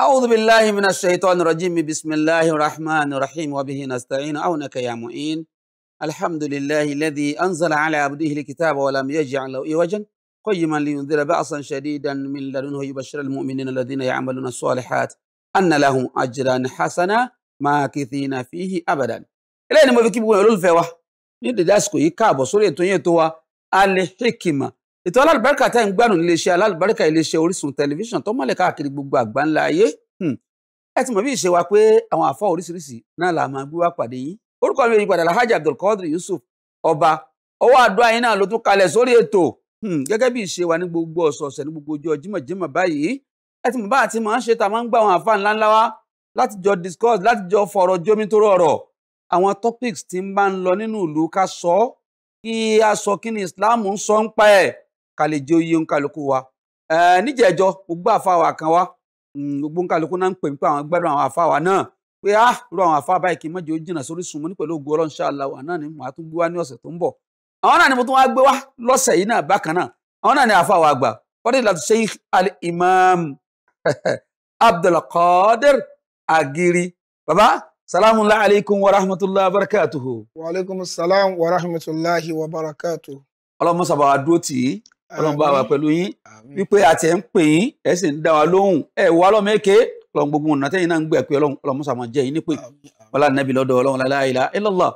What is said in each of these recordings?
أعوذ بالله من الشيطان الرجيم بسم الله الرحمن الرحيم وبه نستعين عونك يا معين الحمد لله الذي أنزل على عبده الكتاب ولم يجعل له عوجا قيما لينذر بأسا شديدا من لدنه يبشر المؤمنين الذين يعملون الصالحات أن لهم أجرا حسنا ماكثين فيه أبدا إلى أن مفكي بقول الفوا ندي داسكو يكابو سورة تونيتوا الحكمة ètò alálùbáríkà tá ń gbádùn níléeṣẹ́ alálùbáríkà iléeṣẹ́ Orísun tẹlifíṣàn tó mọ́lẹ̀ káàkiri gbogbo àgbáńlá ayé hmm. ẹ ti mọ̀ bí ìṣe wa pé àwọn àfọ oríṣiríṣi náà là máa gbé wá pàdé yín orúkọ mi ìyípadà Alhaji Abdulkadir Yusuf ọba ọwọ́ àdúrà yín náà ló tún kalẹ̀ sórí ètò hmm. gẹ́gẹ́ bí ìṣe wa ní gbogbo ọ̀sọ̀ọ̀sẹ̀ ní gbogbo ọjọ́ jímọ̀jímọ̀ báyìí ẹ ti mọ̀ bá àti máa ń ṣe tá a máa ń gbà wa topics tí ń bá ń lọ nínú ìlú ká sọ kí pa ká lè jẹ́ oyè ńkálukú wa níjẹ̀ẹ́jọ́ hmm, gbogbo àfàwà kan wa gbogbo ńkálukú náà ń pè mí pé àwọn gbẹ́rù àwọn àfàwà náà pé á rọ àwọn àfàwà báyìí kì í mọ̀jọ́ jìnnà sórí sùn mọ́ ní pẹ̀lú ògo ọlọ́run ṣáàlà wà náà ni màá tún gbé wá ní ọ̀sẹ̀ tó ń bọ̀ àwọn náà ni mo tún wá gbé wá lọ́sẹ̀ yìí náà bákan náà àwọn náà ni àfàwà àgbà Fadilatu Sheikh al-Imam Abdulqadir Agiri baba salamu alaykum wa rahmatulahi wa barakatuhu. wa alaykum salaam wa rahmatulahi wa barakatuhu. ọlọ́mọ sábà wa dúró tì í ọlọ́run bá wà pẹ̀lú yín wípé àti ẹ̀ ń pè yín ẹ̀ sì ń dá wa lóhùn ẹ̀ wà lọ́mọ èké ọlọ́run gbogbo ọ̀nà tẹ́yìn náà ń gbẹ̀ pé ọlọ́run sàmọ̀ jẹ́ yín nípè wọlá nàbí lọ́dọ̀ ọlọ́run la ilaha illallah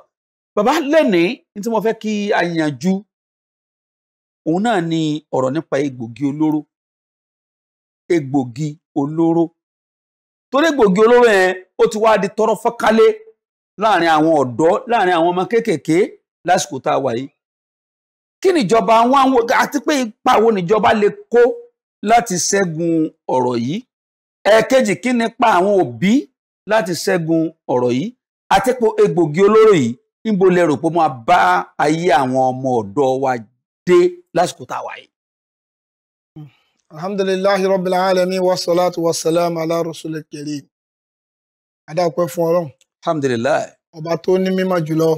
bàbá lẹ́nìí ní tí mo fẹ́ kí a yanjú òun náà ni ọ̀rọ̀ nípa egbògi olóró egbògi olóró torí egbògi olóró di tọrọ fọ́kálé láàrin àwọn ọ̀dọ́ láàrin àwọn ọmọ kéékèèké lásìkò kí níjọba wọn àti pé ipa wo níjọba lè kó láti ṣẹ́gun ọ̀rọ̀ yìí ẹ̀ẹ̀kejì kí nípa àwọn òbí láti ṣẹ́gun ọ̀rọ̀ yìí àti pé egbògi olóró yìí níbo lẹ rò pé máa bá ayé àwọn ọmọ ọ̀dọ́ wa dé lásìkò tá a wà yìí. alhamdulilayi rabbil alamin wasalaatu wasalaam ala rasulil karim adáwọ̀pẹ́ fún ọlọ́run. alhamdulilayi. ọba tó ní mímọ́ jùlọ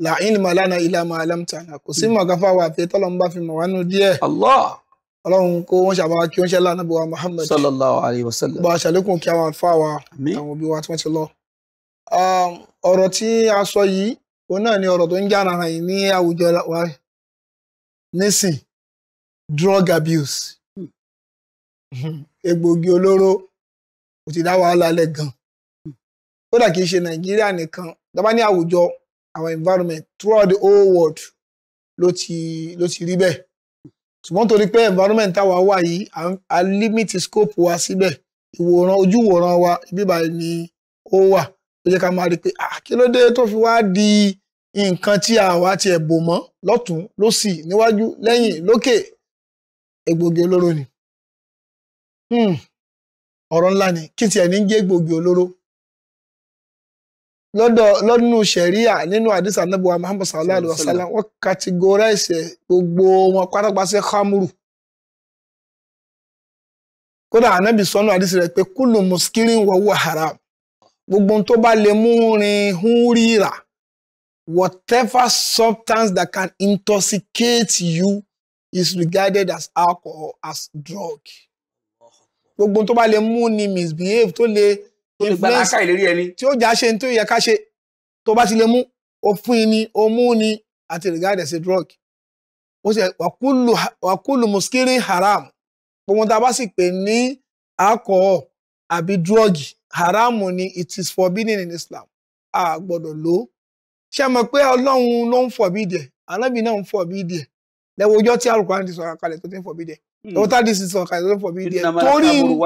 la ilma lana illa ma alamtana kò sí ma káfá wa àti tọ́lọ́ ń fi mọ̀ die nú díẹ̀. Allah. ọlọ́run kó wọ́n wa kí wọ́n ṣe wa Muhammad. sallallahu wa sallam. bá a ṣàlékún kí wa wa lọ. Um, ọ̀rọ̀ tí a sọ yi o náà ni ọ̀rọ̀ tó ń jára wa drug abuse hmm. ti gan kódà kì í ṣe Nàìjíríà nìkan tó bá ní our environment throughout the whole world ló ti ló ti rí bẹ́ẹ̀ ṣùgbọ́n torí pé environment táwa wà yìí a limit scope wa síbẹ̀ ìwòran ojúwòran wa ibi báyìí ni ó wà ó jẹ́ ká máa rí i pé kí ló dé tó fi wá di nǹkan tí àwa tiẹ̀ bò mọ́ lọ́tún lọ́sì níwájú lẹ́yìn lókè egbògi olóró ni hmm. ọ̀rọ̀ ńlá ni kí tiẹ̀ ní jẹ́ egbògi olóró lọ́dọ̀ lọ́dún sẹ̀ríà nínú àdìsá nàbùwà Muhammad sallallahu alayhi wa sallam wọ́n categorize gbogbo wọn pátápátá khamuru. kódà ànábì sọnù àdìsí rẹ̀ pé kúlù muskirin wa huwa haram gbogbo tó bá lè mú rin hún whatever substance that can intoxicate you is regarded as alcohol as drug. gbogbo tó bá lè mú ni misbehave tó lè. Le influence tí ó já ṣe ní tó yẹ ká ṣe tó bá ti lè mú òfin ni omú ni àti regard as a drug ó sì wàkúlù wàkúlù haram gbogbo tá a bá sì pè ní alcohol àbí drug haram ni it is forbidden in Islam a gbọ́dọ̀ lò ó ṣe mọ̀ pé Ọlọ́run ló ń forbid ẹ̀ Ànábì náà ń forbid ẹ̀ lẹ́wọ̀n ọjọ́ tí al ti sọ̀rọ̀ kalẹ̀ tó ti ń forbid ẹ̀ water disease organization for media torí nínú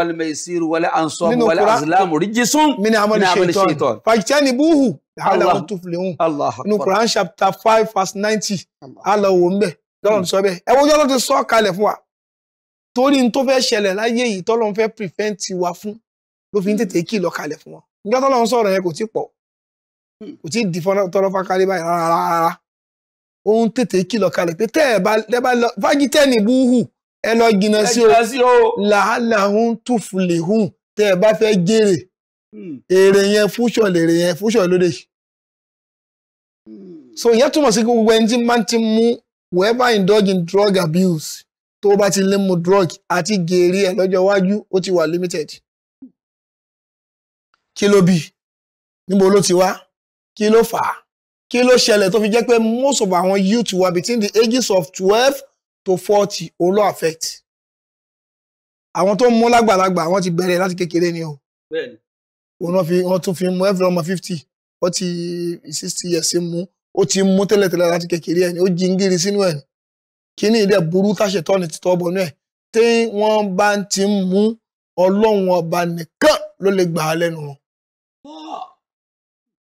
Quran mini amadu shaitan fàjítẹ́ni buhu. aláwọ̀ tó filẹ̀ hùn Quran chapter five verse ninety aláwọ̀ ń bẹ̀ lọ́rùn sọ bẹ́ẹ̀ ẹ wọ́jọ́ ló ti sọ kalẹ̀ fún wa torí n tó fẹ́ ṣẹlẹ̀ láyé yìí tọ́lọ́run fẹ́ prevent wa fún ló fi ń tètè hmm. kí lọ kalẹ̀ fún wọn nígbà tọ́lọ́run sọ̀rọ̀ yẹn kò tí pọ̀ hmm. kò tí di tọ́lọ́ fákàlẹ́ báyìí rárá rárá ó ń tètè kí lọ kalẹ̀ pé tẹ́ ẹ bá fájítẹ́ni búhù ẹ lọ jìnnà sí o làálàáhùn túfùlìhùn tẹ ẹ bá fẹ́ jèrè hmm. èrè yẹn fúṣọ lèrè yẹn fúṣọ lóde. Hmm. so ìyẹn túmọ̀ sí gbogbo ẹni tí máa ti mú whoever indulge in drug abuse tó bá ti lè mu drug àti gèrè ẹ lọ́jọ́ iwájú ó ti wà limited. kí ló bí níbo ló ti wá kí ló fà á kí ló ṣẹlẹ̀ tó fi jẹ́ pé most of our youth wà between the ages of twelve tó forty, òun ló affect àwọn tó ń mú lágbàlagbà àwọn ti bẹ̀rẹ̀ láti kékeré ni o òun náà fi wọ́n tún fi mú every ọmọ fifty ó ti sixty years mú ó ti mú tẹ́lẹ̀tẹ́lẹ̀ láti kékeré ẹ̀ ni ó jingiri sínú ẹ̀ ni kíní ìdẹ́ burú táṣetọ́ ni títọ́ bọ̀ náà tí wọ́n bá ti ń mú ọlọ́run ọba nìkan ló lè gbà á lẹ́nu wọn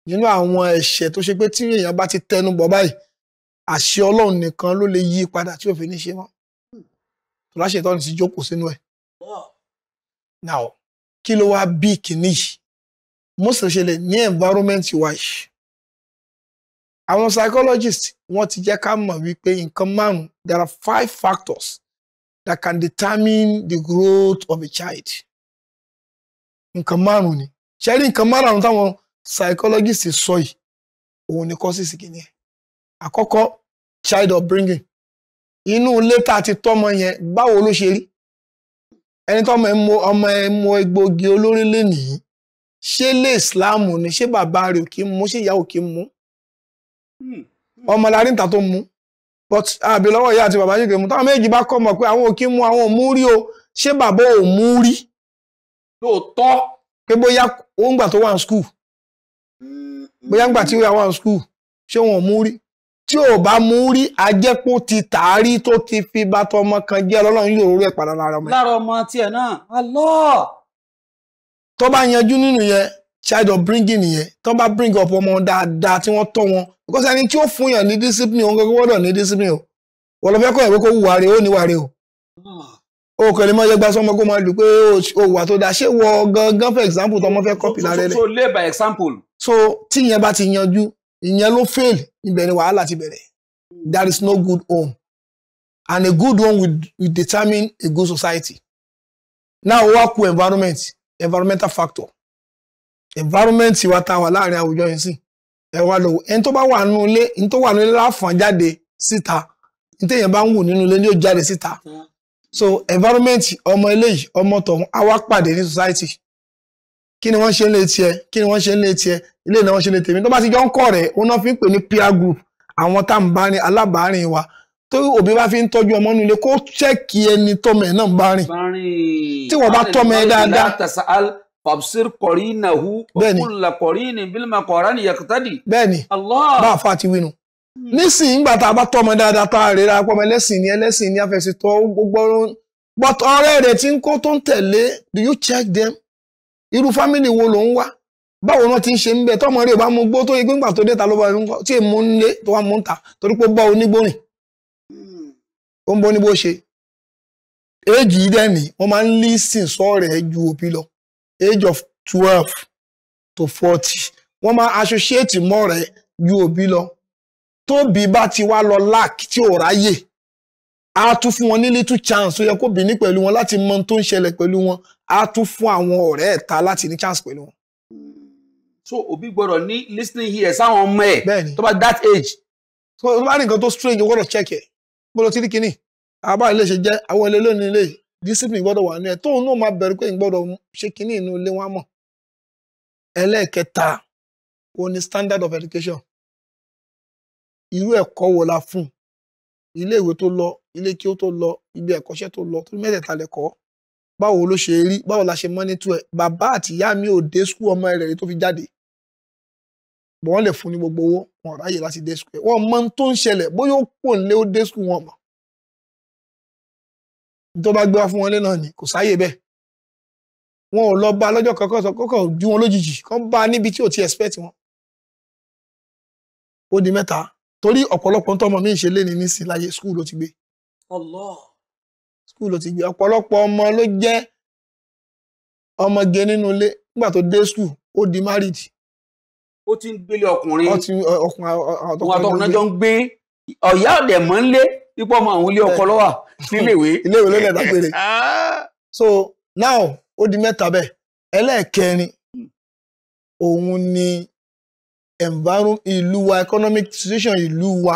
nínú àwọn ẹ̀ṣẹ̀ tó ṣe pé tí èèyàn bá ti tẹnu bọ̀ báyìí àṣẹ Ọlọ́run nìkan ló lè yí padà tí ò fi ní ṣe mọ́ tó láṣẹ ìtọ́ni ti jókòó sínú ẹ̀. now kí ló wá bí kìíní yìí most ṣẹlẹ̀ ní environment wa àwọn psychologist wọ́n ti jẹ́ ká mọ̀ wípé nǹkan márùn there are five factors that can determine the growth of a child nǹkan márùn-ún ni ṣe rí nǹkan márùn-ún táwọn psychologist sọ yìí òun ni kọ́sìsì kìíní ẹ̀ àkọ́kọ́ child upbringing inú ilé tá a ti tọ́mọ yẹn báwo ló ṣe rí ẹni tọ́mọ ẹ mọ ọmọ ẹ mọ egbògi olórí lénìí ṣé lé ìsìláàmù ni ṣé bàbá rẹ̀ ò kí ń ṣé ìyá ò kí ń hmm. ọmọ lárí tó mu but àbí lọ́wọ́ ìyá àti bàbá ṣe kìí mu táwọn méjì bá kọ́ mọ̀ pé àwọn ò kí ń àwọn ò mú rí o ṣé bàbá ò mú rí lóòótọ́ pé bóyá ó ń gbà tó wà ní skul hmm. bóyá ń gbà tí ó yà wà ní skul ṣé wọn ò mú rí tí ò bá mú rí ajẹ́pọ̀ ti tààrí tó ti fi bá tọmọ kan jẹ́ ọlọ́run yóò rú ẹ̀ padà lára ọmọ yẹn. lára ọmọ tiẹ̀ náà Allah. tó bá yanjú nínú yẹn child of bringing yẹn tó bá bring up ọmọ dáadáa tí wọ́n tọ́ wọn because ẹni tí ó fún yàn ní discipline òun kankan gbọ́dọ̀ ní discipline o wọ́n lọ fẹ́ kọ́ ìwé kó wù wàre ó ní wàre o. o kò lè mọ yẹgbà sọmọ kó máa lù pé o wà tó dáa ṣé wọ gangan for example tọmọ fẹ́ copy lára rẹ. so so lay by example. so tíyẹn bá ti yanjú ìyẹn ló fail ibẹ̀ ni wàhálà ti bẹ̀rẹ̀ there is no good home and a good home will, will determine a good society now ó wá environment environmental factor environment wa ta wà láàrin àwùjọ yẹn sí ẹ wá lọ ẹni tó bá wà nínú ilé ẹni tó wà nínú ilé láfàn jáde síta ní téèyàn bá ń wù nínú ilé ni yóò jáde síta so environment ọmọ eléyìí ọmọ tọ̀hún á wá pàdé ní society kí ni wọ́n ṣe ń lé tiẹ̀ kí ni wọ́n ṣe ń lé tiẹ̀ ilé ìnáwó ṣe lé tèmi tó bá ti jọ ń kọ̀ rẹ̀ ó náà fi ń pè ní peer group àwọn tá à ń bá rìn alábàárìn wa tó òbí bá fi ń tọ́jú ọmọ nílé kó ṣẹ́ẹ̀kì ẹni tọ́mọ ẹ̀ náà ń bá rìn tí wọ́n bá tọ́mọ ẹ dáadáa. fàbsir kọ̀rínàhù ọ̀kúnlá kọ̀rínì bílmà kọ̀ránì yàtàdì. bẹ́ẹ̀ni Allah a fa ti winu nísìnyí ńgbà tá a bá tọ́mọ dáadáa tá a rèé ra pọ́mọ ẹlẹ́sìn ni ẹlẹ́sìn ni afẹsẹ̀tọ́ gbogbo but ọ̀rẹ́ rẹ̀ ti ń kó tó ń tẹ̀lé do you check them irú fámìlì wo ló ń wá báwo wọn ti ń ṣe ń bẹ tọmọ rẹ bá mú gbó tó yẹ pé ńgbà tó dé ta ló bá ń kọ tí èmo ń lé tó wà mú ń ta torí pé ó bá onígbòrìn ó ń bọ ní bó ṣe éèjì yìí dẹ́ni wọ́n máa ń lé sìn sọ́ọ̀rẹ́ ju òbí lọ age of twelve to forty wọ́n máa associate mọ́ rẹ̀ ju òbí lọ tóbi bá ti wá lọ lack tí ò ráyè a tún fún wọn ní little chance ó yẹ kó bìíní pẹ̀lú wọn láti mọ tó ń ṣẹlẹ̀ pẹ̀lú wọn a tún fún àwọn ọ̀rẹ́ ẹ̀ta láti ní chance pẹ̀lú wọn. so òbí gbọ́dọ̀ ní listening here sáwọn ọmọ ẹ̀ tó bá that age. so tó bá rí nǹkan tó strange o gbọ́dọ̀ check ẹ̀ gbọ́dọ̀ tí kìíní àbá ilé ṣe jẹ́ àwọn ilé lónìí ilé discipline gbọ́dọ̀ wà ní ẹ̀ tóun náà máa bẹ̀rù pé n gbọ́dọ̀ ṣe kìíní inú ilé wọn mọ̀ ẹlẹ́ẹ̀kẹta o ní standard of education irú ẹ̀kọ́ wo la fún ilé ìwé tó lọ ilé kí ó tó lọ ibi ẹ̀kọ́ṣẹ́ tó lọ torí mẹ́tẹ̀ẹ̀ta lẹ́kọ́ báwo ló ṣe rí báwo la ṣe mọ́nítù ẹ̀ bàbá àti ìyá mi ò dé skul ọmọ rẹ̀ tó fi jáde bọ̀ wọ́n lè fún ní gbogbo owó wọn ráyè láti dé skul ẹ̀ wọ́n mọ tó ń ṣẹlẹ̀ bóyá ó pò ń lé ó dé skul wọn mọ̀ tó bá gbé wá fún wọn lé náà ni kò sáyè bẹ́ẹ̀ wọn ò lọ bá lọ́jọ́ kankan sọ kọ́kọ́ ju wọn lójijì kán bá níbi tí ò ti expect wọn ó di mẹ́ta torí ọ̀pọ̀lọpọ̀ ń tọ́ ọmọ mi ń ṣe lé ní nísìnyí láyé skul ló ti gbé Allah skul ló ti jẹ ọ̀pọ̀lọpọ̀ ọmọ ló jẹ́ ọmọge nínú ilé nígbà tó dé skul ó di married. ó ti ń gbélé ọkùnrin ọkùnrin àtọkùnrin jọ ń gbé ọ̀yá ọ̀dẹ̀ mọ́ ń pípọ̀ ọmọ àwọn ilé ọkọ lọ́wà níléèwé. iléèwé ló lẹ̀ dágbére ah. so now ó di mẹ́ta bẹ́ẹ̀ ẹlẹ́ẹ̀kẹrin òun ni environment ìlú wa economic situation ìlú wa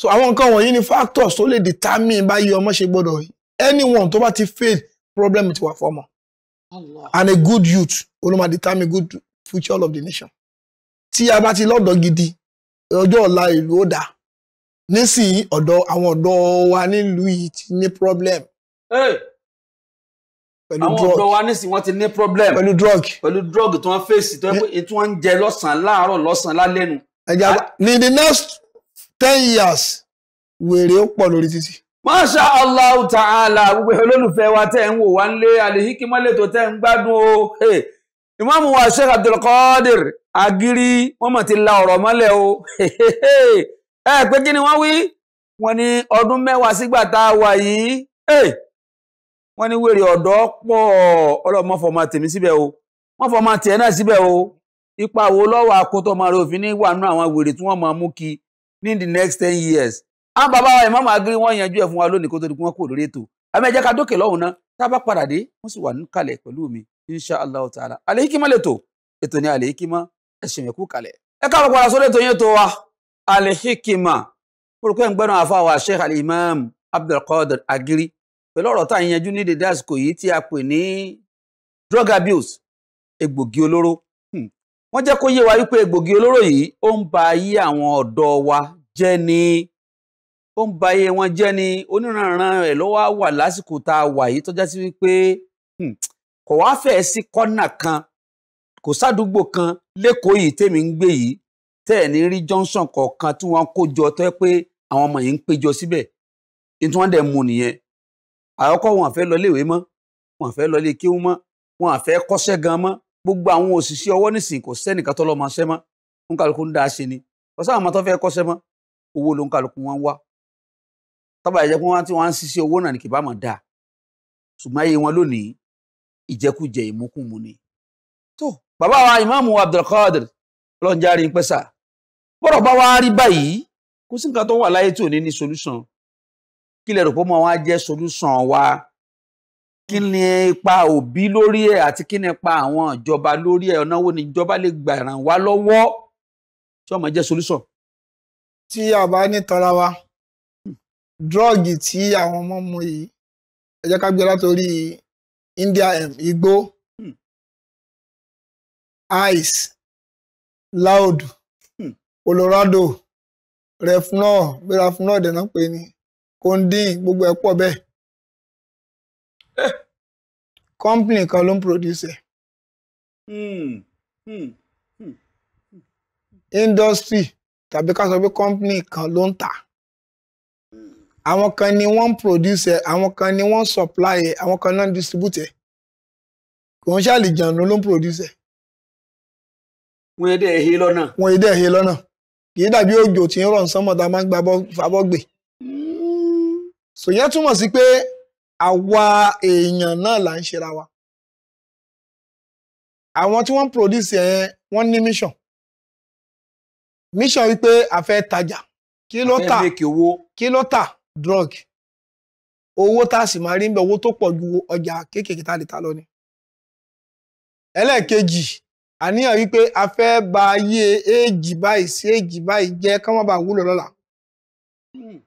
so àwọn nǹkan wọ̀nyí ni factors tó lè determine báyìí ọmọ ṣe gbọ́dọ̀ anyone tó bá ti fail problem ti wà fọmọ and a good youth olùmọ̀ determine good future of the nation tí a bá ti lọ́dọ̀ gidi ọjọ́ ọ̀la ìlú ó dáa nísìnyí ọ̀dọ̀ àwọn ọ̀dọ́ wa nílùú yìí ti ní problem. pẹ̀lú drug àwọn ọ̀dọ́ wa nísìnyí wọ́n ti ní problem. pẹ̀lú drug. pẹ̀lú drug tí wọ́n fèsì tí wọ́n ń jẹ lọ́sàn-án láàárọ̀ lọ́sàn-án lálẹ́nu. ní the next ten years wèrè ó pọ̀ lórí títì. Masha Allah ta'ala gbogbo olólùfẹ́ wa tẹ̀ ń wò wá ń lé Al-Hikmat mọ́lẹ́tò o. wa Sheikh Abdul Qadir Agiri wọ́n mọ̀ ti la ọ̀rọ̀ mọ́lẹ̀ o. Ẹ pé kí ni wọ́n wí? Wọ́n ní ọdún mẹ́wàá sígbà tá a wà yìí. Wọ́n ní wèrè ọ̀dọ́ pọ̀ ọlọ́mọ fọmọ tèmi síbẹ̀ o. Wọ́n tiẹ̀ náà síbẹ̀ o. Ipa wo lọ́wọ́ akótọ́ òfin ní wà àwọn ní the next ten years àwọn bàbá wa ìmọ̀mọ̀ agiri wọ́n yanjú ẹ̀ fún wa lónìí kó tó di wọn kò lórí ètò àmì ẹ̀jẹ̀ ká dókè lọ́hùn náà tá a bá padà dé wọ́n sì wà níkàlẹ̀ pẹ̀lú mi insha allah ta'ala Al-Hikima lètò ètò ní Al-Hikima ẹ̀sìn ẹ̀kú kalẹ̀ ẹ káàbọ̀ padà sórí ètò yẹn tó wa Al-Hikima orúkọ ẹ̀ ń gbẹ́nu àfa wa Sheikh Al-Imam Abdulkadir Agiri pẹ̀lú ọ̀rọ̀ tá à ń yanjú ní dédé àsìkò yìí tí a pè ní drug abuse egbògi olóró wọ́n jẹ́ kó yé wa wípé egbògi olóró yìí ó ń ba ayé àwọn ọ̀dọ́ wa jẹ́ ni ó ń ba ayé wọn jẹ́ ni oníranran rẹ̀ ló wá wà lásìkò tá a wà yìí tó já sí wípé hmm, kò wá fẹ́ẹ́ sí kọ́nà kan kò sádùúgbò kan lẹ́kọ̀ọ́ yìí tèmi ń gbé yìí tẹ́ ẹ̀ ní rí Johnson kọ̀ọ̀kan tí wọ́n kó jọ tó pé àwọn ọmọ yìí ń péjọ síbẹ̀ ní tí wọ́n dẹ̀ mú nìyẹn àkọ́kọ́ wọn àfẹ́ lọ léèwé mọ́ wọn àfẹ́ lọ lé kíw mọ́ wọn àfẹ́ kọ́ṣẹ́ gan mọ́ gbogbo àwọn òṣìṣẹ́ ọwọ́ nísìnyí kò sẹ́nìkan tó lọ́ọ́ máa ṣẹ́ mọ́ ń kálukú ń dáa ṣe ni ọ̀sán àwọn tó fẹ́ kọ́ṣẹ́ mọ́ owó ló ń kálukú wọn wá tọ́ba ìjẹ́ pé wọ́n ti wọ́n ṣiṣẹ́ owó náà ní kì bá mọ̀ dáa ṣùgbọ́n ayé wọn lónìí ìjẹkújẹ ìmúkùmù ni. tó bàbá wa ìmáàmù Abdulkadir lọ́njáre ń pẹ́sà bọ́rọ̀ bá wá rí báyìí kò sí nǹkan tó wà láyé tí ò ní ní solúsàn kí lè rò pé ọmọ wa jẹ́ solúsàn wa kí ni ipa òbí lórí ẹ̀ àti kí ni ipa àwọn ìjọba lórí ẹ̀ ọ̀nà wo ni ìjọba lè gbà ràn wá lọ́wọ́ tí ọmọ jẹ́ solution. tí a bá ní tọ́ra wa hmm. dírọ́ọ̀gì tí àwọn ọmọ mu yìí ẹ jẹ́ ká gbé látòrí India m igbó hmm. ice loud hmm. Colorado refunol gbérafunol dẹ̀ náà pé ni condin gbogbo ẹ̀ pọ̀ bẹ́ẹ̀ company ka ló ń produce hmm, hmm, hmm, industry tàbí ká sọ pé company kan ló ń tà àwọn kan ni wọ́n ń produce àwọn kan ni wọ́n ń supply àwọn kan náà ń distribute kò ń ló ń wọ́n lọ́nà. wọ́n kì í dàbí òjò tí ń rọ̀ ń máa ń gbà gbè. túmọ̀ sí pé àwa èèyàn náà là ń ṣera wa àwọn tí wọ́n produce yẹn wọ́n ní mission mission wípé a fẹ́ tajà kí ló tà kí ló tà drug owó tá a sì máa rí ń bẹ owó tó pọ̀ ju ọjà kéékèèké tá a lè ta lọ ni ẹlẹ́ẹ̀kejì àníyàn wípé a fẹ́ ba ayé èjì báyìí sí èjì báyìí jẹ́ ká má bàa wúlò lọ́la. Hmm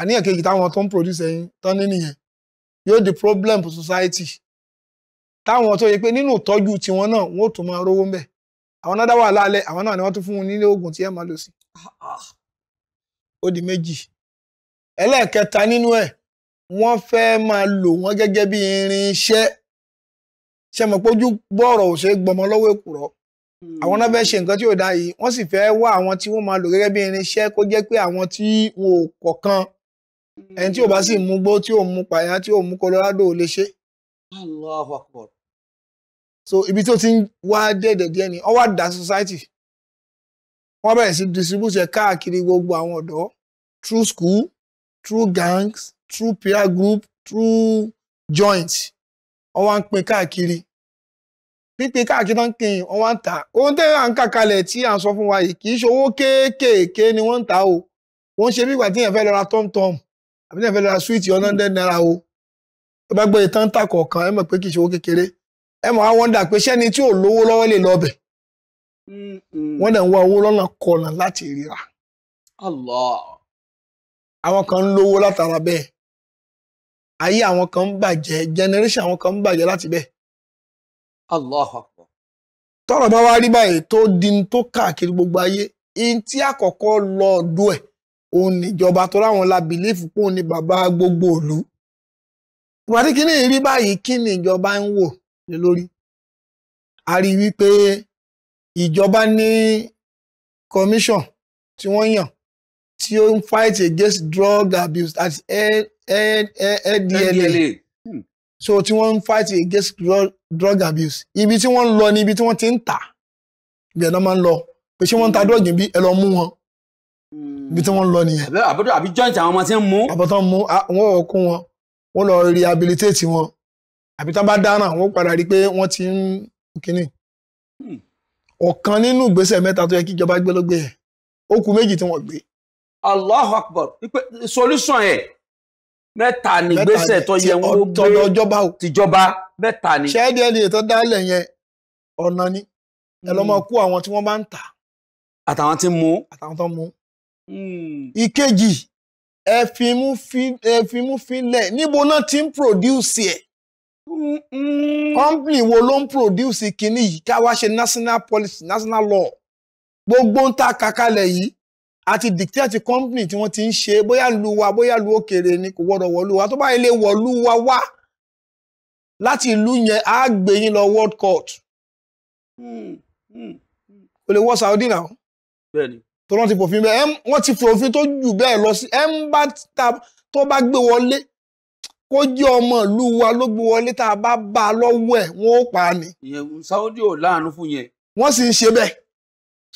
àníyàn kejì táwọn tó ń produce ẹyin tán ní nìyẹn yóò di problem for society táwọn tó yẹ pé nínú ìtọ́jú tiwọn náà wọn ò tún máa rówó ń bẹ̀ àwọn náà dá wà lálẹ́ àwọn náà ni wọ́n tún fún un nílé oògùn tí ẹ máa lò sí. ó di méjì ẹlẹ́ẹ̀kẹta nínú ẹ̀ wọ́n fẹ́ máa lò wọ́n gẹ́gẹ́ bí irinṣẹ́ ṣe mọ̀ pé ojú gbọ́ọ̀rọ̀ ò ṣe é gbọmọ lọ́wọ́ èkùrọ́ àwọn náà fẹ́ ṣe nǹkan tí ò dá yìí wọ́n sì fẹ́ wá àwọn tí wọ́n máa lò gẹ́gẹ́ bí irinṣẹ́ kó jẹ́ pé àwọn tí wọn ò kọ̀ọ̀kan ẹni tí ò bá sì mú gbó tí ò mú pàyà tí ò mú Colorado ò lè ṣe. Allahu Akbar. so ibi tó ti ń wá dẹ̀dẹ̀ díẹ̀ ni ọ wá dá society wọ́n bẹ̀rẹ̀ sí distribute káàkiri gbogbo àwọn ọ̀dọ́ through school through gangs through peer group through joint wọ́n wá ń pín káàkiri pínpín káàkiri náà ń pín wọ́n wá ń tà ohun tẹ́lẹ̀ à ń kà kalẹ̀ tí à ń sọ fún wa yìí kì í ṣe owó kéékèèké ni wọ́n ń tà o wọ́n ń ṣe bí ìgbà tí èèyàn fẹ́ lọ ra tọ́mtọ́mù àbí náà fẹ́ lọ ra súwìtì one hundred naira o tó bá gbé ìtàn tà kọ̀ọ̀kan ẹ mọ̀ pé kì í ṣe owó kékeré ẹ mọ̀ á wọ́ndà pé sẹ́ni tí ò lówó lọ́wọ́ lè lọ bẹ̀ wọ́n dẹ̀ ń wá owó lọ́nà kọ̀ọ̀nà láti ríra. àwọn kan ń lówó látara bẹ́ẹ̀ ayé àwọn kan ń bàjẹ́ generation àwọn kan ń bàjẹ́ láti bẹ́ẹ̀. tọ́rọ̀ bá wá rí báyìí tó di tó káàkiri gbogbo ayé ihun tí àkọ́kọ́ lọ́ọ́ dún òun níjọba tó ráwọn la bìlífù pé òun ni bàbá gbogbo òlu ìpàdé kí ni ìrí báyìí kí ni ìjọba ń wò lórí a rí wípé ìjọba ní commission tí wọ́n yàn tí ó ń fight against drug abuse at ndla hmm. so tí wọ́n ń fight against drug abuse ibi tí wọ́n ń lọ ni ibi tí wọ́n ti ń tà ibẹ̀ náà máa ń lọ pé ṣé wọ́n ń ta drug bí ẹ lọ mú wọn ibi tí wọ́n lọ nìyẹn. àbọ̀dọ̀ àbí joint àwọn ọmọ tí ń mú. àbọ̀tọ́ mú wọn ò kún wọn wọn lọ rehabilitate wọn àbí tán bá dáná wọn padà rí i pé wọ́n ti ń kínní. Hmm. ọ̀kan nínú ìgbésẹ̀ mẹ́ta tó yẹ kí ìjọba gbé ló gbé yẹn méjì tí wọ́n gbé. Allahu Akbar pípé solution yẹ mẹ́ta ni ìgbésẹ̀ tó yẹ wọ́n gbé tìjọba mẹ́ta ni. ṣẹ́ẹ́dì ẹni ètò dálẹ̀ yẹn ọ̀nà ni ẹ lọ́ hmm. máa àwọn tí wọ́n bá ń tà. àtàwọn tí ń mú. àtàwọn tó ń mú. Hmm. ìkejì ẹ fi mú fínlẹ̀ níbo náà ti ń produce ẹ̀ company wo ló ń produce kínní yìí ká wá ṣe national policy national law gbogbo ń ta kàkálẹ̀ yìí àti dictate company tí wọ́n ti ń ṣe bóyá lu wa bóyá lu òkèrè ni kò gbọ́dọ̀ wọ̀lú wa tó bá ilé wọ̀lú wa wá láti ìlú yẹn á gbé yín lọ world court. Hmm. Hmm. o lè wọ Saudi náà. bẹ́ẹ̀ni tó rántí fòfin bẹ́ẹ̀ wọ́n ti fòfin tó jù bẹ́ẹ̀ lọ sí ẹ̀ ń bá tó bá gbé wọlé kó jẹ́ ọmọ ìlú wa ló gbé wọlé tá a bá bá a lọ́wọ́ ẹ̀ wọ́n ó pa ni. Saudi ò láàánú fún yẹn. wọ́n sì ń ṣe bẹ́ẹ̀.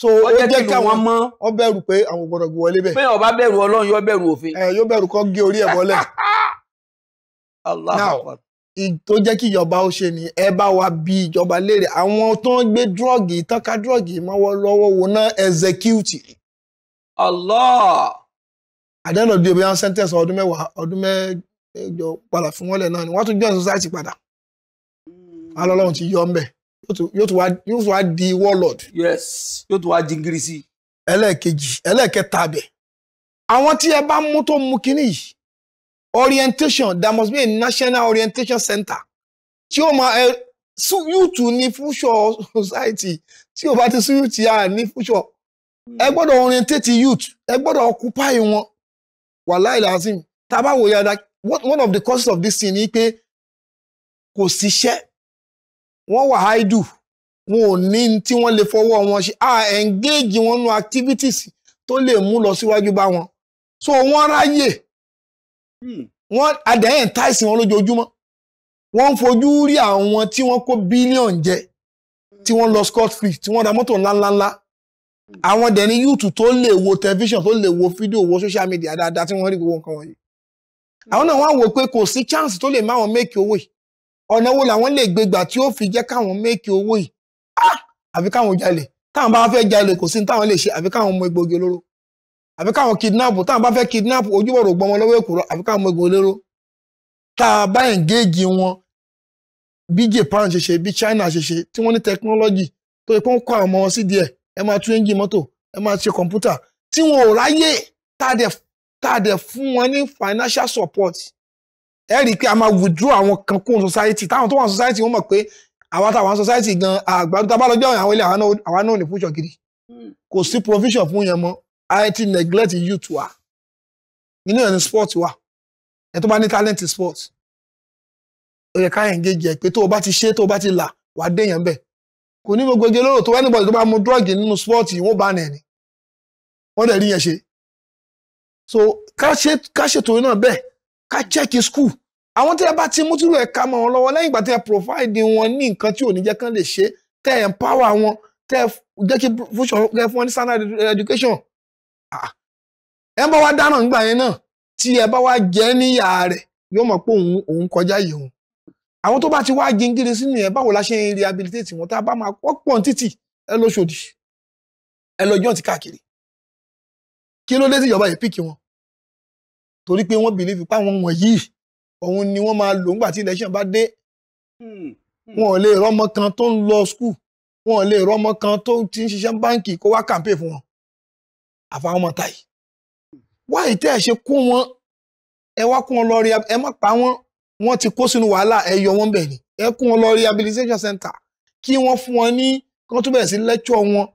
so ó jẹ́ kí àwọn mọ́. ọ bẹ̀rù pé àwọn gbọ́dọ̀ gbé wọlé ọba bẹ̀rù ọlọ́run yóò bẹ̀rù òfin. ẹ yóò bẹ̀rù ẹ bá wa bí ìjọba léèrè àwọn tó ń gbé Allah. At the end of the day bóyá sẹ́ńtẹ̀sì ọdún mẹ́wàá ọdún mẹ́jọ padà fún wọn lẹ̀ náà ni wọ́n tún join society padà. Alọ́lọ́run hmm. ti yọ ọ́ mbẹ̀ yóò tún wá di warlord. Yes, yóò tún wá jingiri sí. Ẹlẹ́ẹ̀kejì ẹlẹ́ẹ̀kẹta bẹ̀. Àwọn tí ẹ bá mú tó mú kínní yìí orientation there must be a national orientation center tí ó máa ẹ súyùtù ní fúṣọ society tí ó bá ti súyùtù yà ní fúṣọ ẹ gbọ́dọ̀ orientate youth ẹ gbọ́dọ̀ occupy wọn wàhálà ìlàsìn tábà wòye àdá one of the causes of this thing ni pé kò síṣẹ́ wọ́n wà idle wọn ò ní tí wọ́n lè fọwọ́ wọn ṣe à engage wọn nu activities tó lè mú lọ síwájú bá wọn so wọ́n ráyè hmm. wọ́n adẹ́yìn táìsì wọn lójoojúmọ́ wọ́n ń fojú rí àwọn tí wọ́n kó bílíọ̀n jẹ tí wọ́n lọ scot free tí wọ́n ra mọ́tò ńláńláńlá àwọn dẹ̀ ní yúùtù tó lè wo tẹlifíṣàn tó lè wo fídíò wo social media dáadáa tí wọ́n rí gbogbo nǹkan wọ̀nyí. àwọn náà wá wò pé kò sí chance tó lè má wọn make owó yìí ọ̀nà wo làwọn lè gbé gbà tí ó fi jẹ́ káwọn make owó yìí ah! àfi káwọn jalè táwọn bá fẹ́ jalè kò sí ní táwọn lè ṣe àfi káwọn mọ egbògi olóró àfi káwọn kidnap táwọn bá fẹ́ kidnap ojúbọ̀rọ̀ gbọmọ lọ́wọ́ èkúrọ́ àfi káwọn mọ egbògi olóró tá a bá engage wọn bí Japan ṣe ṣe bí China ṣe ṣe tí wọ́n ní technology tó yẹ kó ń kọ́ àwọn ọmọ wọn sí díẹ̀ ẹ máa tún ẹ́ńjìn mọ́tò ẹ máa ṣe kọ̀ǹpútà tí wọn ò ráyè tá a fún wọn ní financial support ẹ rí i pé a máa withdraw àwọn kan kún society táwọn tó wà society wọn mọ̀ pé àwa táwọn society gan àgbàdo tá a bá lọ jẹ́ àwọn ilé àwa náà ní fúnṣọ gidi hmm. kò sí provision fún yẹn mọ́ i ti neglect youth wa inú ẹ̀ ní sport wa ẹ tó bá ní talent sport ó yẹ ká engage ẹ pé tó o bá ti ṣe tó o bá ti là wàá déyàn bẹ́ẹ̀ kò ní gbogbo egelóró tó anybody tó bá mu dúrọ́ọ̀gì nínú spọ́ọ̀tì wọ́n bá nẹ̀ ni wọ́n dẹ̀ rí yẹn ṣe so ká ṣètò náà bẹ́ẹ̀ ká chẹ́kì skul àwọn tí ẹ bá ti mú tìrú ẹ̀ ká mọ́ wọn lọ́wọ́ lẹ́yìn ìgbà tí ẹ provide wọn ní nǹkan tí ò ní jẹ́ kán lè ṣe tẹ́ ẹ̀ empower wọn tẹ́ ẹ jẹ́ kí kẹ́ fún wọn ní standard education ẹ bá wá dáná nígbà yẹn náà tí ẹ bá wá jẹ́ níyà rẹ̀ yóò mọ̀ pé òun kọjá yìí òun àwọn tó bá ti wá jingiri sínú yẹn báwo la ṣe ń rehabilitate wọn tá a bá máa pọ̀ títì ẹ lọ ṣòdì ẹ lọ jọ́ǹtì káàkiri kí ló dé tí ìjọba yìí pìkì wọn torí pé wọ́n bìlífì pé wọ̀nyí òun ni wọ́n máa lò ńgbà tí election bá dé hmm, hmm. wọn ò lè rọ́mọ kan tó ń lọ school wọn ò lè rọ́mọ kan tó ti ń ṣiṣẹ́ báǹkì kó wá campaign fún wọn àfàwọn ọmọ táyì wáyé tẹ́ ẹ ṣe kó wọn ẹ wá kó wọn lọ rí ẹ má pa wọn wọ́n ti kó sínú wàhálà ẹ yọ wọ́n bẹ̀ ni ẹ kún wọn lọ rehabilitation center kí wọ́n fún wọn ní kí wọ́n tún bẹ̀rẹ̀ sí lẹ́tọ̀ wọn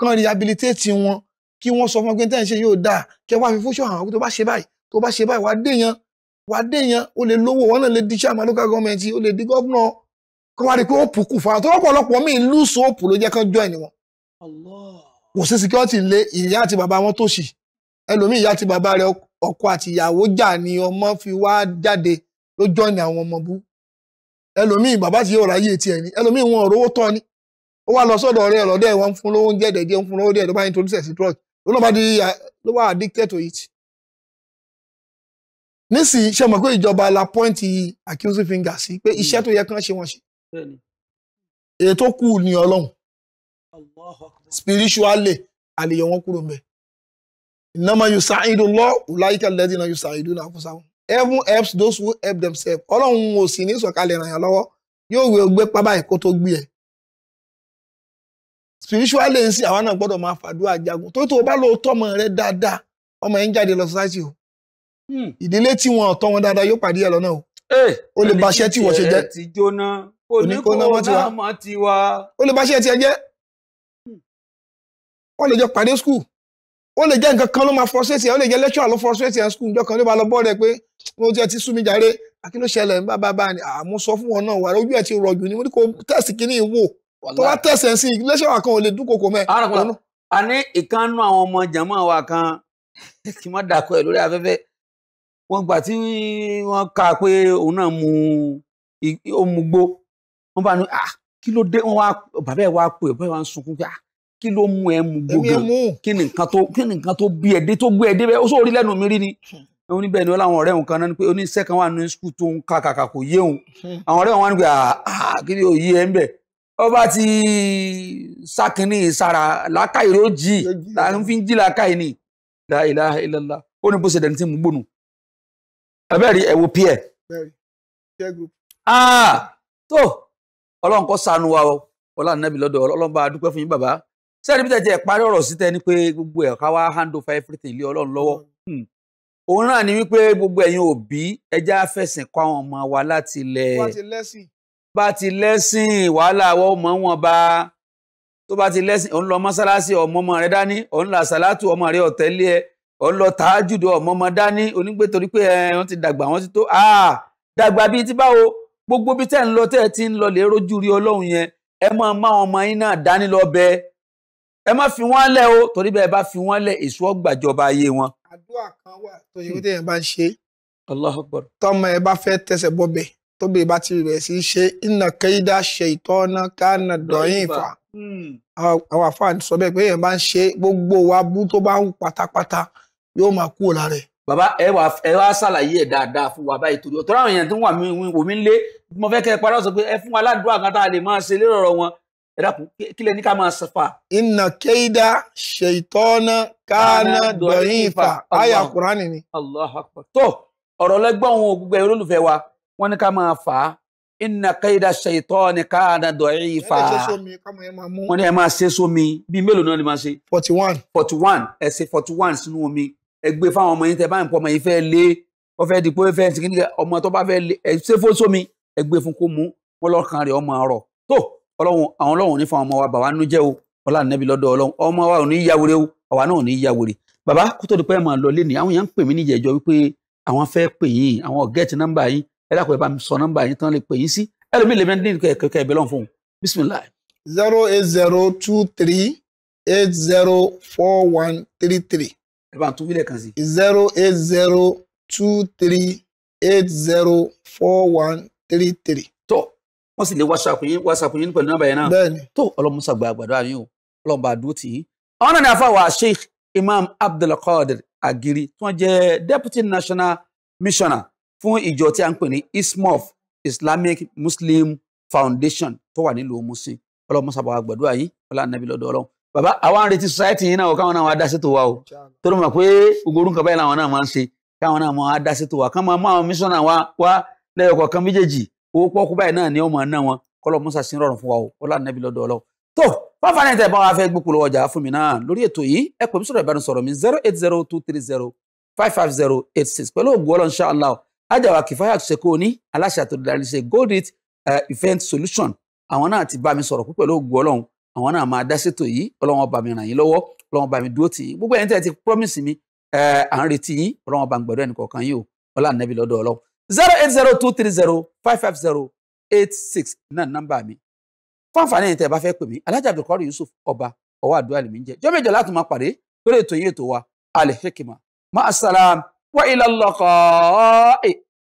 kán rehabilitate wọn kí wọ́n sọ fún pé tẹ́yìn ṣe yóò dáa kí wọ́n fi fúnṣọ àwọn tó bá ṣe báyìí tó bá ṣe báyìí wàá déyàn wàá déyàn ó lè lówó wọn náà lè di chairman local government ó lè di governor kó wá rí i pé ó pù kù fún àwọn tó lọ́pọ̀lọpọ̀ míì lùsù òpù ló jẹ́ kán join wọn. kò sí security lé ìyá àti bàbá wọn tó ṣì ẹlòmíì ìyá àti bàbá rẹ̀ ọkọ àti ìyàwó jà ni ọmọ fi wá jáde ló join ni àwọn ọmọ bú ẹlòmíì bàbá tí yóò ráyè tiẹ̀ ni ẹlòmíì wọn ọ̀rọ̀ owó tọ́ ni ó wá lọ sọ́dọ̀ ọ̀rẹ́ ọ̀lọ́dẹ́ wọn fún lówó oúnjẹ ẹ̀dẹ̀ jẹun fún lówó díẹ̀ ló bá introduce ẹ̀ sí drug ló náà bá di ló wà addicted to it. nísìnyí ṣe mọ̀ pé ìjọba la point accusing finger sí pé iṣẹ́ tó yẹ kán ṣe wọ́n ṣe ètò kù ní ọlọ́run spiritually àlèyé wọn kúrò mẹ́ ìnáma yusaidullah ulaika alladhina yusaiduna anfusahum heaven helps those who help themselves ọlọ́run ò sì ní sọ̀kalẹ̀ ràn yàn lọ́wọ́ yóò wé ogbé pábà yìí kó tó gbé ẹ̀ spiritually ń sìn àwa náà gbọ́dọ̀ máa fàdúrà jagun tó tó o bá lọ tọ́mọ rẹ dáadáa ọmọ yẹn ń jáde lọ society o hmm. ìdílé tí wọn tọ́ wọn dáadáa yóò pàdé ẹ̀ lọ́nà o ó eh, lè baṣẹ́ tí wọ́n ṣe jẹ́ oníkóná mọ́ ti wá ó lè baṣẹ́ tí ẹ jẹ́ wọ́n lè jọ pàdé school ó lè jẹ́ nǹkan kan ló máa frustrate ẹ̀ ó lè jẹ́ lecturer ló frustrate ẹ̀ school ǹjọ́ kan ló bá lọ bọ́ọ̀rẹ́ pé mo jẹ́ ti sú mi jàre àkí ń bá bá bá ni àmọ́ sọ fún wọn náà wà lójú ẹ̀ ti rọ̀jù ni mo ní kó tẹ̀sì kínní wò tó wá tẹ̀sì ẹ̀ sí iléeṣẹ́ wa kan ò lè dúnkokò mẹ́. a ní ìkànnú àwọn ọmọ jàmọ́ wa kan kí wọ́n dàkọ ẹ̀ lórí afẹ́fẹ́ wọ́n gbà tí wọ́n kà pé òun náà mu omugbó wọ́n bá ní ah kí ló dé wọ́n wá bàbá ẹ̀ wá pè bàbá ẹ̀ wá sunkún pé ah kí ló mú ẹ mu gbogbo kí ni nǹkan tó bí ẹ dé tó gbé ẹ dé bẹ́ẹ̀ ó sọ orí lẹ́nu mi rí ni hmm ó ní bẹ́ẹ̀ ni ó láwọn ọ̀rẹ́ òun kan náà pé oníṣẹ́ kan wà ní skul tó ń kàkàkà kò yé òun àwọn ọ̀rẹ́ òun wá ní pé àà ah, ah, kí ni òye ẹ̀ ń bẹ̀ ó bá ti sákìnní ìsara làákàyè ló jì láàrin fi ń jí làákàyè ni la ilaha illallah ó ní bó ṣe dẹni tí mú gbónú abẹ́rẹ́ ẹ̀wò peer ah tó ọlọ́run kọ́ sànù wa ọlá nàbì lọ́dọ̀ ọlọ́run bá dúpẹ́ fún yín bàbá sẹ́ni bí tẹ̀ jẹ́ parí ọ̀rọ̀ sí tẹ́ ni pé gbogbo ẹ̀ ká hand over everything lé ọlọ́run lọ́wọ́ hmm òun náà ni wípé gbogbo ẹ̀yin òbí ẹja fẹ̀sìn kọ́ àwọn ọmọ wa láti ilẹ̀ bá ti lẹ́sìn wàhálà àwọ̀ ọmọ wọn bá tó bá ti lẹ́sìn òun lọ mọ́sálásí ọmọ ọmọ rẹ dání òun là sàlátù ọmọ rẹ ọ̀tẹ́lé ẹ òun lọ tàájùdù ọmọ ọmọ dání onígbé torí pé ẹ wọn ti dàgbà wọn ti tó a dàgbà bíi ti báwo gbogbo bí tẹ́ ń lọ tẹ́ ti ń lọ lè rojú rí ọlọ́run yẹn ẹ máa má ọmọ yín náà dání lọ bẹ́ẹ̀ ẹ má fi wọ́n lẹ̀ o torí bẹ́ẹ̀ bá fi wọ́n lẹ̀ èso ọgbàjọba ayé wọn. àdúrà kan wà tó yẹ kó téèyàn bá ń ṣe. Allahu ẹ bá fẹ́ tẹsẹ̀ bọbẹ tó bẹ bá ti rẹ sí ṣe inna kaida shaytana kana da'ifa. àwọn àfáàní sọ bẹ́ẹ̀ pé èèyàn bá ń ṣe gbogbo wa bú tó bá ń pátápátá yóò máa kúrò lára ẹ bàbá ẹ wá ẹ wá ṣàlàyé ẹ dáadáa fún wa báyìí torí ọ̀tọ̀ àwọn èèyàn tó wà mí wò mí lé mo fẹ́ kẹ́ ẹ parọ́ sọ pé ẹ fún wa ládùúgbò àkàtà lè máa ṣe lérò ọ̀rọ̀ wọn ẹ dákun kí lẹ ní ká máa sọfà. inna kéda ṣètọ́nà kánà dọ̀yìn ìfà àyà kúránì ni. Allahu Akbar tó ọ̀rọ̀ lẹ́gbọ́n ohun gbogbo ẹ̀ olólùfẹ́ wa wọ́n ní ká máa inna kéda ṣètọ́nì kánà dọ̀yìn ìfà. wọ́n ní ẹ máa ṣe sómi bíi mélòó ni máa ṣe. forty one. forty one ẹ ṣe forty one sínú omi ẹ gbé fáwọn ọmọ yín tẹ báyìí pọ ọmọ yín fẹ́ lé wọ́n fẹ́ di pé fẹ́ ṣe kí ọmọ tó bá fẹ́ lé ẹ ṣe fó sómi ẹ gbé fún kó mú wọ́n lọ́kàn rẹ̀ ọmọ àárọ̀ tó ọlọ́run àwọn ọlọ́run ní fún ọmọ wa bàbá nú jẹ́ o ọlá nẹ́bí lọ́dọ̀ ọlọ́run ọmọ wa ò ní yá wèrè o àwa náà ò ní yá wèrè bàbá kó tó di pé ẹ máa lọ lénìí àwọn èèyàn ń pè mí níjẹ̀jọ́ wípé àwọn fẹ́ pè yín àwọn gẹ́ẹ̀tì nọ́mbà yín ẹ dákun ẹ bá sọ nọ́mbà yín tán lè pè yín sí ẹlòmíì lè mẹ́rin ní kẹ̀kẹ́ ẹ bá three three wọ́n sì lè whatsapp yín whatsapp yín pẹ̀lú nọ́mbà yẹn náà tó ọlọ́musa gba àgbàdo àyín o ọlọ́mba àdúró tì í. àwọn náà àfàwà sheikh imam abdulkadir agiri tí wọ́n jẹ́ deputy national missioner fún ìjọ tí a ń pè ní ismof islamic muslim foundation tó wà nílùú musin ọlọ́musa bá wa gbàdo àyín ọlá nàbí lọ́dọ̀ ọlọ́run bàbá àwa ń society yìí náà káwọn náà wá dá sí tó wa o tó ló mọ̀ pé ogorun kan báyìí làwọn náà máa ń ṣe káwọn náà máa dá sí tó wa máa mú àwọn mísọ́nà wa wá lẹ́yọ̀kọ̀ọ̀kan méjèèjì owó pọ́kú báyìí náà ni ó máa wọn kọ́lọ̀ musa sí rọrùn fún wa o ó lá nàbí lọ́dọ̀ ọlọ́wọ́ tó fáfáà náà tẹ̀ bá wa fẹ́ gbókòó lọ́wọ́ ọjà fún mi náà lórí ètò yìí ẹ pè mí sọ̀rọ̀ mi zero eight zero two three zero five five zero eight six pẹ̀lú ògùn ọlọ́run insha Allah ajáwa kìfáyà tó ṣe kó o ní aláṣẹ àtòdìdarí gold it eh, event solution àwọn náà ti bá mi sọ̀rọ̀ pé pẹ̀lú ògùn ọlọ́run àwọn náà máa dá ṣètò yìí ọlọ́run ọba mi ràn yín lọ́wọ́ promise mi eh, à ń retí yín ọlọ́run ọba ń gbẹ̀dọ̀ ẹnì kọ̀ọ̀kan zero eight zero two three zero five five zero eight six náà nọ́mbà mi fún àǹfààní yẹn tẹ́ ẹ bá fẹ́ pè mí alhaji abdulkadir yusuf ọba ọwọ́ àdúrà lèmi ń jẹ́ jọ́ méjọ láti máa pàdé lórí ètò yìí ètò wa alẹ́ hekima maṣalaam wa ilà lọ́kọ̀ọ́